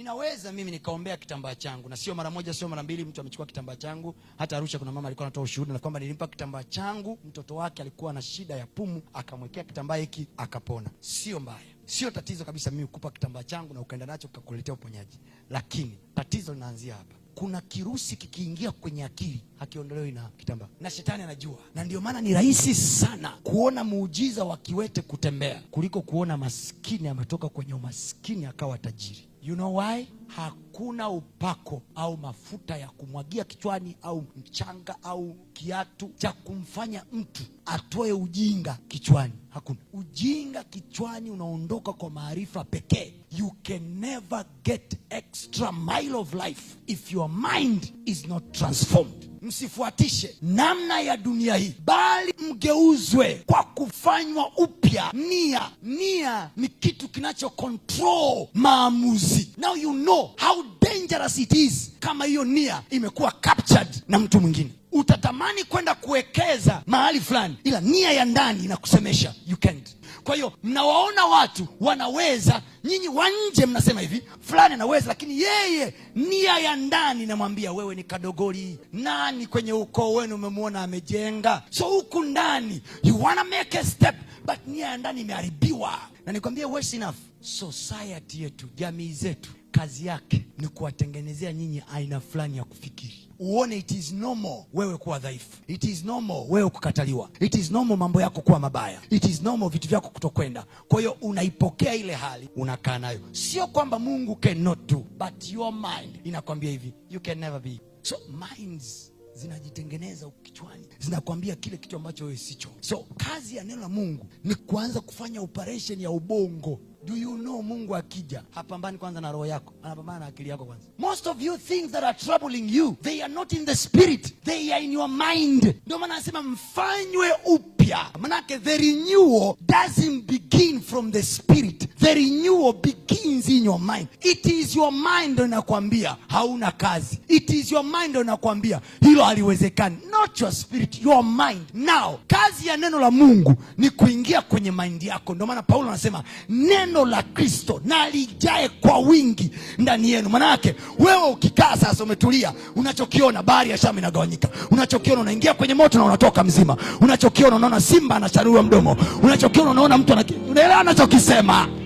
Ninaweza mimi nikaombea kitambaa changu, na sio mara moja, sio mara mbili. Mtu amechukua kitambaa changu. Hata Arusha kuna mama alikuwa anatoa ushuhuda na kwamba nilimpa kitambaa changu, mtoto wake alikuwa na shida ya pumu, akamwekea kitambaa hiki akapona. Sio mbaya, sio tatizo kabisa mimi kukupa kitambaa changu na ukaenda nacho ukakuletea uponyaji, lakini tatizo linaanzia hapa. Kuna kirusi kikiingia kwenye akili hakiondolewi na kitambaa, na shetani anajua, na ndio maana ni rahisi sana kuona muujiza wa kiwete kutembea kuliko kuona maskini ametoka kwenye umaskini akawa tajiri. You know why? Hakuna upako au mafuta ya kumwagia kichwani au mchanga au kiatu cha kumfanya mtu atoe ujinga kichwani. Hakuna ujinga kichwani, unaondoka kwa maarifa pekee. You can never get extra mile of life if your mind is not transformed msifuatishe namna ya dunia hii, bali mgeuzwe kwa kufanywa upya nia. Nia ni kitu kinacho control maamuzi. Now you know how dangerous it is kama hiyo nia imekuwa captured na mtu mwingine utatamani kwenda kuwekeza mahali fulani, ila nia ya ndani inakusemesha you can't. Kwa hiyo mnawaona watu wanaweza, nyinyi wa nje mnasema hivi fulani anaweza, lakini yeye nia ya ndani namwambia wewe ni kadogoli. Nani kwenye ukoo wenu umemwona amejenga? So huku ndani you wanna make a step but nia ya ndani imeharibiwa, na nikwambia worse enough, society yetu, jamii zetu, kazi yake ni kuwatengenezea nyinyi aina fulani ya kufikiri uone it is normal wewe kuwa dhaifu, it is normal wewe kukataliwa, it is normal mambo yako kuwa mabaya, it is normal vitu vyako yako kutokwenda. Kwa hiyo unaipokea ile hali, unakaa nayo. Sio kwamba Mungu cannot do, but your mind inakwambia hivi, you can never be. So minds zinajitengeneza kichwani, zinakwambia kile kitu ambacho wewe sicho. So kazi ya neno la Mungu ni kuanza kufanya operation ya ubongo. Do you know Mungu akija hapambani kwanza na roho yako, anapambana na akili yako kwanza. Most of you things that are troubling you, they are not in the spirit, they are in your mind. Ndio maana anasema mfanywe up upya. Manake the renewal doesn't begin from the spirit. The renewal begins things in your mind. It is your mind ndo inakwambia hauna kazi. It is your mind ndo inakwambia hilo haliwezekani, not your spirit, your mind. Now kazi ya neno la Mungu ni kuingia kwenye mind yako. Ndio maana Paulo anasema neno la Kristo na lijae kwa wingi ndani yenu. Maana yake wewe ukikaa sasa umetulia, unachokiona bahari ya Shamu inagawanyika, unachokiona unaingia kwenye moto na unatoka mzima, unachokiona unaona simba anacharua mdomo, unachokiona unaona mtu anaelewa anachokisema